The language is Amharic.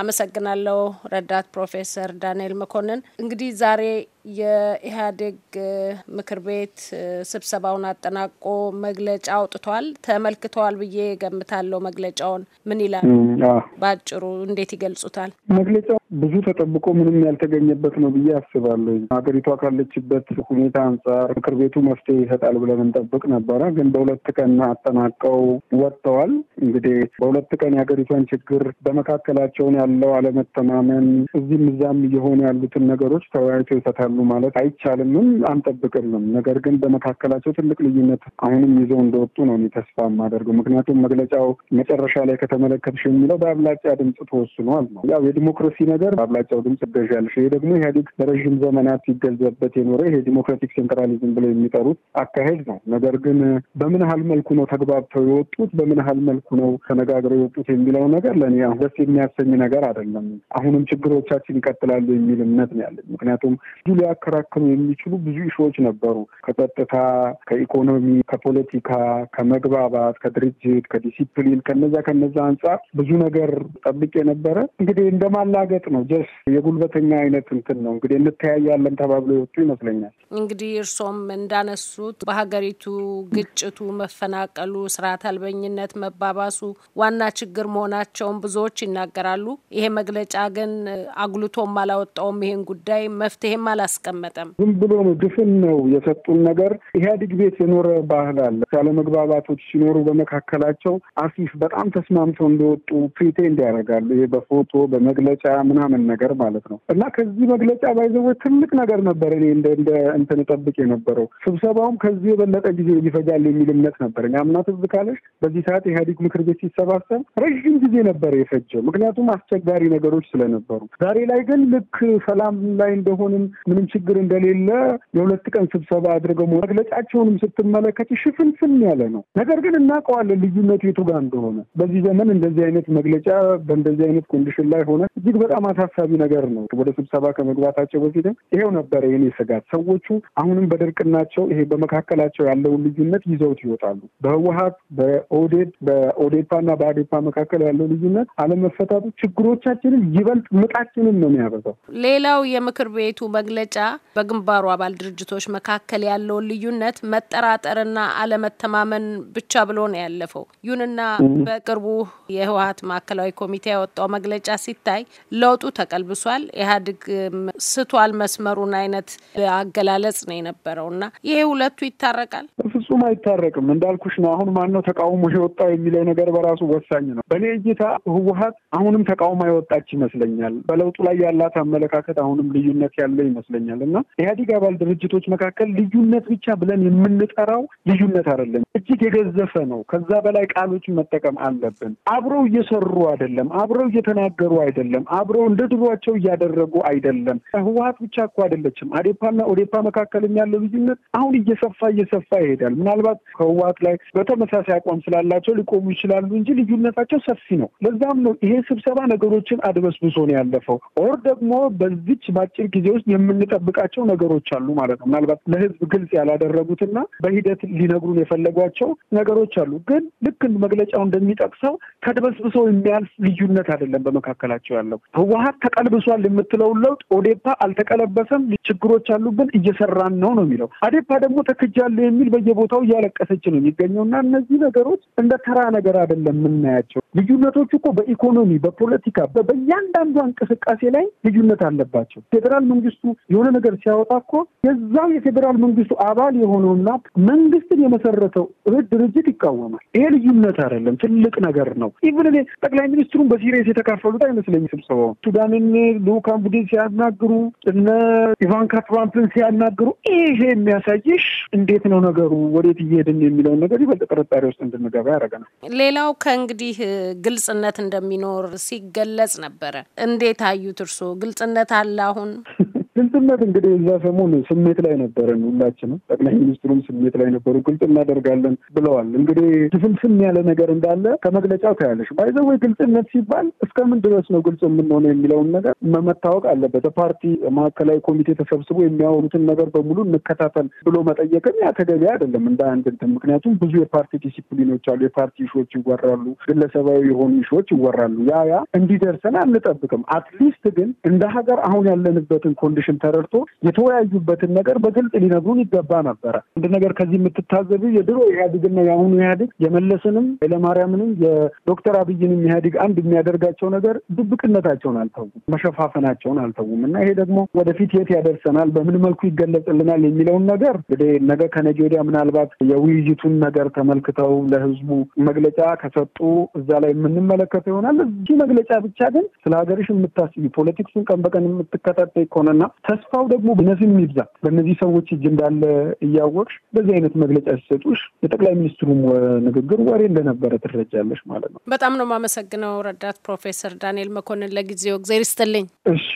አመሰግናለሁ ረዳት ፕሮፌሰር ዳንኤል መኮንን። እንግዲህ ዛሬ የኢህአዴግ ምክር ቤት ስብሰባውን አጠናቆ መግለጫ አውጥቷል። ተመልክተዋል ብዬ ገምታለሁ። መግለጫውን ምን ይላል? በአጭሩ እንዴት ይገልጹታል? መግለጫው ብዙ ተጠብቆ ምንም ያልተገኘበት ነው ብዬ አስባለሁ። ሀገሪቷ ካለችበት ሁኔታ አንጻር ምክር ቤቱ መፍትሄ ይሰጣል ብለን እንጠብቅ ነበረ፣ ግን በሁለት ቀን አጠናቀው ወጥተዋል። እንግዲህ በሁለት ቀን የሀገሪቷን ችግር በመካከላቸውን ያለው አለመተማመን፣ እዚህም እዛም እየሆኑ ያሉትን ነገሮች ተወያይቶ ይፈታሉ ማለት አይቻልምም አንጠብቅምም። ነገር ግን በመካከላቸው ትልቅ ልዩነት አሁንም ይዘው እንደወጡ ነው እኔ ተስፋ የማደርገው። ምክንያቱም መግለጫው መጨረሻ ላይ ከተመለከትሽ የሚለው በአብላጫ ድምፅ ተወስኗል ነው። ያው የዲሞክራሲ ነገር በአብላጫው ድምፅ እገዣለሽ። ይሄ ደግሞ ኢህአዴግ ለረዥም ዘመናት ሲገዛበት የኖረ ይሄ ዲሞክራቲክ ሴንትራሊዝም ብለው የሚጠሩት አካሄድ ነው። ነገር ግን በምን ያህል መልኩ ነው ተግባብተው የወጡት፣ በምን ያህል መልኩ ነው ተነጋግረው የወጡት የሚለው ነገር ለእኔ አሁን ደስ የሚያሰኝ ነገር አይደለም። አሁንም ችግሮቻችን ይቀጥላሉ የሚል እምነት ነው ያለን። ምክንያቱም ሊያከራክሩ የሚችሉ ብዙ ኢሾዎች ነበሩ። ከጸጥታ፣ ከኢኮኖሚ፣ ከፖለቲካ፣ ከመግባባት፣ ከድርጅት፣ ከዲሲፕሊን ከነዛ ከነዛ አንጻር ብዙ ነገር ጠብቄ ነበረ። እንግዲህ እንደማላገጥ ነው። ጀስ የጉልበተኛ አይነት እንትን ነው። እንግዲህ እንተያያለን ተባብሎ የወጡ ይመስለኛል። እንግዲህ እርሶም እንዳነሱት በሀገሪቱ ግጭቱ፣ መፈናቀሉ፣ ስርዓት አልበኝነት መባባሱ ዋና ችግር መሆናቸውን ብዙዎች ይናገራሉ። ይሄ መግለጫ ግን አጉልቶም አላወጣውም። ይሄን ጉዳይ መፍትሄም አላ አላስቀመጠም። ዝም ብሎ ድፍን ነው የሰጡን ነገር። ኢህአዲግ ቤት የኖረ ባህል አለ። ያለመግባባቶች ሲኖሩ በመካከላቸው አሲፍ በጣም ተስማምተው እንደወጡ ፕሪቴንድ ያደርጋሉ። ይሄ በፎቶ በመግለጫ ምናምን ነገር ማለት ነው እና ከዚህ መግለጫ ባይዘወ ትልቅ ነገር ነበር። እኔ እንደ እንትን ጠብቅ የነበረው ስብሰባውም ከዚህ የበለጠ ጊዜ ይፈጃል የሚል እምነት ነበር። አምና ትዝ ካለሽ በዚህ ሰዓት ኢህአዲግ ምክር ቤት ሲሰባሰብ ረዥም ጊዜ ነበር የፈጀው፣ ምክንያቱም አስቸጋሪ ነገሮች ስለነበሩ። ዛሬ ላይ ግን ልክ ሰላም ላይ እንደሆንም ምንም ችግር እንደሌለ የሁለት ቀን ስብሰባ አድርገው መግለጫቸውንም ስትመለከት ሽፍንፍን ያለ ነው። ነገር ግን እናውቀዋለን ልዩነቱ የቱ ጋር እንደሆነ። በዚህ ዘመን እንደዚህ አይነት መግለጫ በእንደዚህ አይነት ኮንዲሽን ላይ ሆነ እጅግ በጣም አሳሳቢ ነገር ነው። ወደ ስብሰባ ከመግባታቸው በፊትም ይሄው ነበረ የኔ ስጋት። ሰዎቹ አሁንም በድርቅናቸው ይሄ በመካከላቸው ያለውን ልዩነት ይዘውት ይወጣሉ። በህወሀት በኦዴድ በኦዴፓና በአዴፓ መካከል ያለው ልዩነት አለመፈታቱ ችግሮቻችንን ይበልጥ ምጣችንን ነው የሚያበዛው። ሌላው የምክር ቤቱ መግለጫ መግለጫ በግንባሩ አባል ድርጅቶች መካከል ያለውን ልዩነት መጠራጠርና አለመተማመን ብቻ ብሎ ነው ያለፈው። ይሁንና በቅርቡ የህወሀት ማዕከላዊ ኮሚቴ ያወጣው መግለጫ ሲታይ ለውጡ ተቀልብሷል፣ ኢህአዴግ ስቷል መስመሩን አይነት አገላለጽ ነው የነበረው እና ይሄ ሁለቱ ይታረቃል? በፍጹም አይታረቅም። እንዳልኩሽ ነው። አሁን ማነው ተቃውሞ የወጣው የሚለው ነገር በራሱ ወሳኝ ነው። በእኔ እይታ ህወሀት አሁንም ተቃውሞ የወጣች ይመስለኛል። በለውጡ ላይ ያላት አመለካከት አሁንም ልዩነት ያለ ይመስለኛል። ይመስለኛል እና ኢህአዴግ አባል ድርጅቶች መካከል ልዩነት ብቻ ብለን የምንጠራው ልዩነት አይደለም። እጅግ የገዘፈ ነው። ከዛ በላይ ቃሎችን መጠቀም አለብን። አብረው እየሰሩ አይደለም፣ አብረው እየተናገሩ አይደለም፣ አብረው እንደ ድሯቸው እያደረጉ አይደለም። ህወሀት ብቻ እኮ አይደለችም። አዴፓና ኦዴፓ መካከልም ያለው ልዩነት አሁን እየሰፋ እየሰፋ ይሄዳል። ምናልባት ከህወሀት ላይ በተመሳሳይ አቋም ስላላቸው ሊቆሙ ይችላሉ እንጂ ልዩነታቸው ሰፊ ነው። ለዛም ነው ይሄ ስብሰባ ነገሮችን አድበስብሶ ነው ያለፈው። ኦር ደግሞ በዚች በአጭር ጊዜ ውስጥ የምንጠብቃቸው ነገሮች አሉ ማለት ነው። ምናልባት ለህዝብ ግልጽ ያላደረጉትና በሂደት ሊነግሩን የፈለጓ የምንላቸው ነገሮች አሉ። ግን ልክ መግለጫው እንደሚጠቅሰው ተድበስብሶ የሚያልፍ ልዩነት አይደለም በመካከላቸው ያለው። ህወሀት ተቀልብሷል የምትለውን ለውጥ ኦዴፓ አልተቀለበሰም፣ ችግሮች አሉብን፣ እየሰራን ነው ነው የሚለው። አዴፓ ደግሞ ተክጃለሁ የሚል በየቦታው እያለቀሰች ነው የሚገኘው እና እነዚህ ነገሮች እንደ ተራ ነገር አይደለም የምናያቸው። ልዩነቶቹ እኮ በኢኮኖሚ፣ በፖለቲካ፣ በእያንዳንዷ እንቅስቃሴ ላይ ልዩነት አለባቸው። ፌዴራል መንግስቱ የሆነ ነገር ሲያወጣ እኮ የዛው የፌዴራል መንግስቱ አባል የሆነውና መንግስትን የመሰረተው እህት ድርጅት ይቃወማል። ይሄ ልዩነት አይደለም፣ ትልቅ ነገር ነው። ኢቭን እኔ ጠቅላይ ሚኒስትሩን በሲሪየስ የተካፈሉት አይመስለኝ ስብሰባው ሱዳንን ልኡካን ቡድን ሲያናግሩ፣ እነ ኢቫንካ ትራምፕን ሲያናግሩ ይሄ የሚያሳይሽ እንዴት ነው ነገሩ ወዴት እየሄድን የሚለውን ነገር ይበልጥ ጥርጣሬ ውስጥ እንድንገባ ያደርገናል። ሌላው ከእንግዲህ ግልጽነት እንደሚኖር ሲገለጽ ነበረ። እንዴት አዩት እርስዎ? ግልጽነት አለ አሁን? ግልጽነት እንግዲህ እዛ ሰሞን ስሜት ላይ ነበረን፣ ሁላችንም ጠቅላይ ሚኒስትሩም ስሜት ላይ ነበሩ። ግልጽ እናደርጋለን ብለዋል። እንግዲህ ድፍምስም ያለ ነገር እንዳለ ከመግለጫው ታያለሽ። ባይዘ ወይ ግልጽነት ሲባል እስከምን ድረስ ነው ግልጽ የምንሆነው የሚለውን ነገር መመታወቅ አለበት። ፓርቲ ማዕከላዊ ኮሚቴ ተሰብስቦ የሚያወሩትን ነገር በሙሉ እንከታተል ብሎ መጠየቅም ያ ተገቢ አይደለም እንደ አንድ እንትን። ምክንያቱም ብዙ የፓርቲ ዲሲፕሊኖች አሉ። የፓርቲ ሾዎች ይወራሉ፣ ግለሰባዊ የሆኑ ሾዎች ይወራሉ። ያ ያ እንዲደርሰን አንጠብቅም። አትሊስት ግን እንደ ሀገር አሁን ያለንበትን ኮንዲሽን ፖዚሽን ተረድቶ የተወያዩበትን ነገር በግልጽ ሊነግሩን ይገባ ነበረ። አንድ ነገር ከዚህ የምትታዘቢው የድሮ ኢህአዴግና የአሁኑ ኢህአዴግ የመለስንም ኃይለማርያምንም የዶክተር አብይንም ኢህአዴግ አንድ የሚያደርጋቸው ነገር ድብቅነታቸውን አልተውም፣ መሸፋፈናቸውን አልተውም እና ይሄ ደግሞ ወደፊት የት ያደርሰናል፣ በምን መልኩ ይገለጽልናል የሚለውን ነገር እንግዲህ ነገ ከነገ ወዲያ ምናልባት የውይይቱን ነገር ተመልክተው ለህዝቡ መግለጫ ከሰጡ እዛ ላይ የምንመለከተው ይሆናል። እዚህ መግለጫ ብቻ ግን ስለ ሀገርሽ የምታስቢ ፖለቲክሱን ቀን በቀን የምትከታተይ ከሆነና ተስፋው ደግሞ በነዚህ የሚብዛ በእነዚህ ሰዎች እጅ እንዳለ እያወቅሽ በዚህ አይነት መግለጫ ሲሰጡሽ የጠቅላይ ሚኒስትሩም ንግግር ወሬ እንደነበረ ትረጃለሽ ማለት ነው። በጣም ነው የማመሰግነው ረዳት ፕሮፌሰር ዳንኤል መኮንን ለጊዜው እግዜር ይስጥልኝ። እሺ